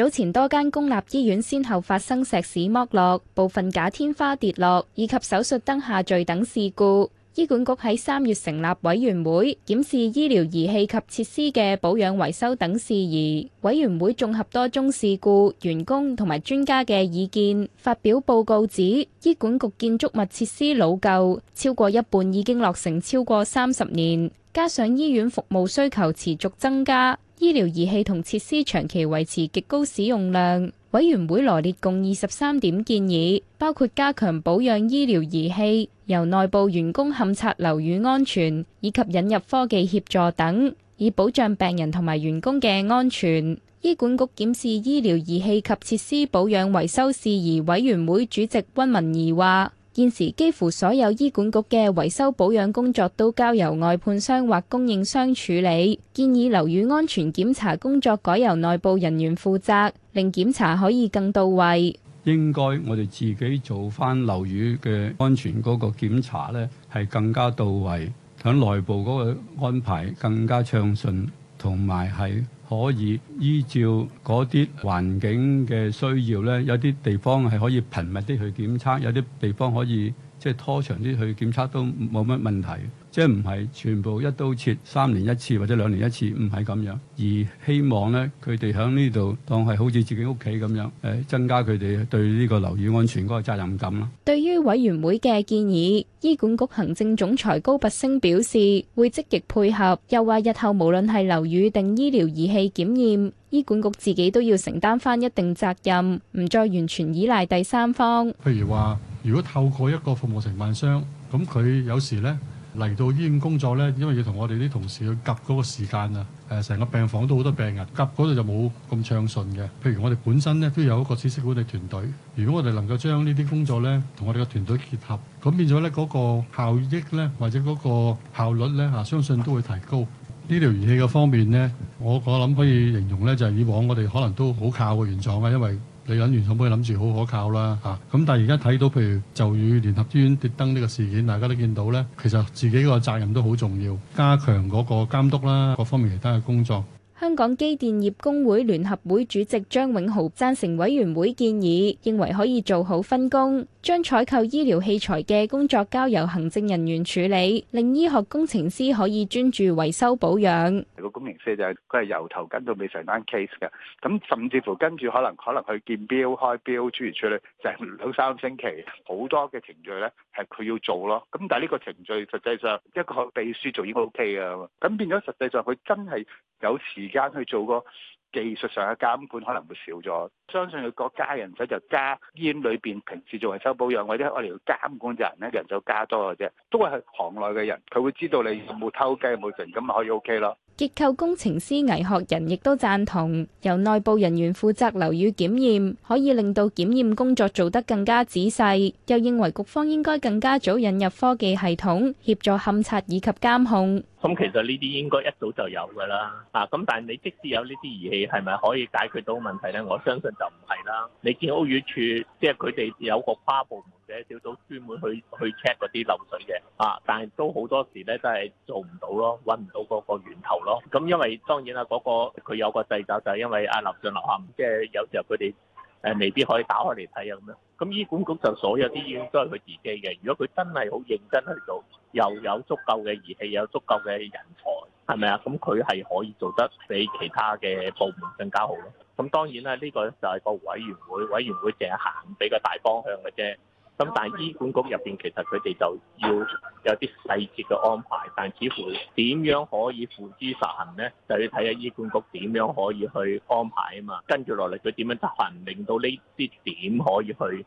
早前多間公立醫院先後發生石屎剝落、部分假天花跌落以及手術燈下墜等事故。醫管局喺三月成立委員會，檢視醫療儀器及設施嘅保養維修等事宜。委員會綜合多宗事故、員工同埋專家嘅意見，發表報告指，醫管局建築物設施老舊，超過一半已經落成超過三十年，加上醫院服務需求持續增加。醫療儀器同設施長期維持極高使用量，委員會羅列共二十三點建議，包括加強保養醫療儀器、由內部員工勘察樓宇安全，以及引入科技協助等，以保障病人同埋員工嘅安全。醫管局檢視醫療儀器及設施保養維修事宜委員會主席温文儀話。現時幾乎所有醫管局嘅維修保養工作都交由外判商或供應商處理，建議樓宇安全檢查工作改由內部人員負責，令檢查可以更到位。應該我哋自己做翻樓宇嘅安全嗰個檢查呢，係更加到位，響內部嗰個安排更加暢順，同埋係。可以依照嗰啲環境嘅需要咧，有啲地方係可以頻密啲去檢測，有啲地方可以。即係拖長啲去檢測都冇乜問題，即係唔係全部一刀切三年一次或者兩年一次，唔係咁樣。而希望呢，佢哋喺呢度當係好似自己屋企咁樣，誒增加佢哋對呢個樓宇安全嗰個責任感啦。對於委員會嘅建議，醫管局行政總裁高拔陞表示會積極配合，又話日後無論係樓宇定醫療儀器檢驗，醫管局自己都要承擔返一定責任，唔再完全依賴第三方。譬如話。如果透過一個服務承辦商，咁佢有時呢嚟到醫院工作呢，因為要同我哋啲同事去夾嗰個時間啊，呃、成個病房都好多病人，夾嗰度就冇咁暢順嘅。譬如我哋本身呢，都有一個知識管理團隊，如果我哋能夠將呢啲工作呢同我哋嘅團隊結合，咁變咗呢嗰、那個效益呢，或者嗰個效率呢，相信都會提高。醫療儀器嘅方面呢，我我諗可以形容呢，就係、是、以往我哋可能都好靠嘅原狀啊，因為。你可唔可以諗住好可靠啦吓，咁但係而家睇到，譬如就與聯合醫院跌燈呢個事件，大家都見到咧，其實自己個責任都好重要，加強嗰個監督啦，各方面其他嘅工作。香港機電業工會聯合會主席張永豪贊成委員會建議，認為可以做好分工，將採購醫療器材嘅工作交由行政人員處理，令醫學工程師可以專注維修保養。個公營社就係佢係由頭跟到尾成單 case 噶，咁甚至乎跟住可能可能佢見標開標處理處理成兩三星期，好多嘅程序咧係佢要做咯。咁但係呢個程序實際上一個秘書做已經 OK 噶，咁變咗實際上佢真係有時間去做個技術上嘅監管可能會少咗。相信佢加人手就加醫院裏邊平時做維修保養或者我哋要監管嘅人咧，人就加多嘅啫，都係行內嘅人，佢會知道你有冇偷雞冇成，咁咪可以 OK 咯。結構工程師、危學人亦都讚同由內部人員負責樓宇檢驗，可以令到檢驗工作做得更加仔細。又認為局方應該更加早引入科技系統協助勘察以及監控。咁其實呢啲應該一早就有噶啦。啊，咁但係你即使有呢啲儀器，係咪可以解決到問題呢？我相信就唔係啦。你見屋宇署即係佢哋有個跨部門。嘅小組專門去去 check 嗰啲漏水嘅啊，但係都好多時咧，真係做唔到咯，揾唔到嗰個源頭咯。咁因為當然啦，嗰個佢有個掣肘，就係因為阿林俊樓下即係有時候佢哋誒未必可以打開嚟睇呀咁樣。咁醫管局就所有啲醫院都係佢自己嘅。如果佢真係好認真去做，又有足夠嘅儀器，有足夠嘅人才，係咪啊？咁佢係可以做得比其他嘅部門更加好咯。咁當然啦，呢個就係個委員會，委員會凈係行畀個大方向嘅啫。咁但係醫管局入邊，其實佢哋就要有啲細節嘅安排，但係似乎點樣可以付諸實行咧，就要睇下醫管局點樣可以去安排啊嘛。跟住落嚟，佢點樣執行，令到呢啲點可以去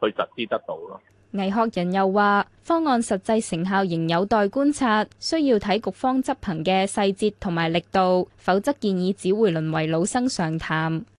去實施得到咯？魏學仁又話：方案實際成效仍有待觀察，需要睇局方執行嘅細節同埋力度，否則建議只會淪為老生常談。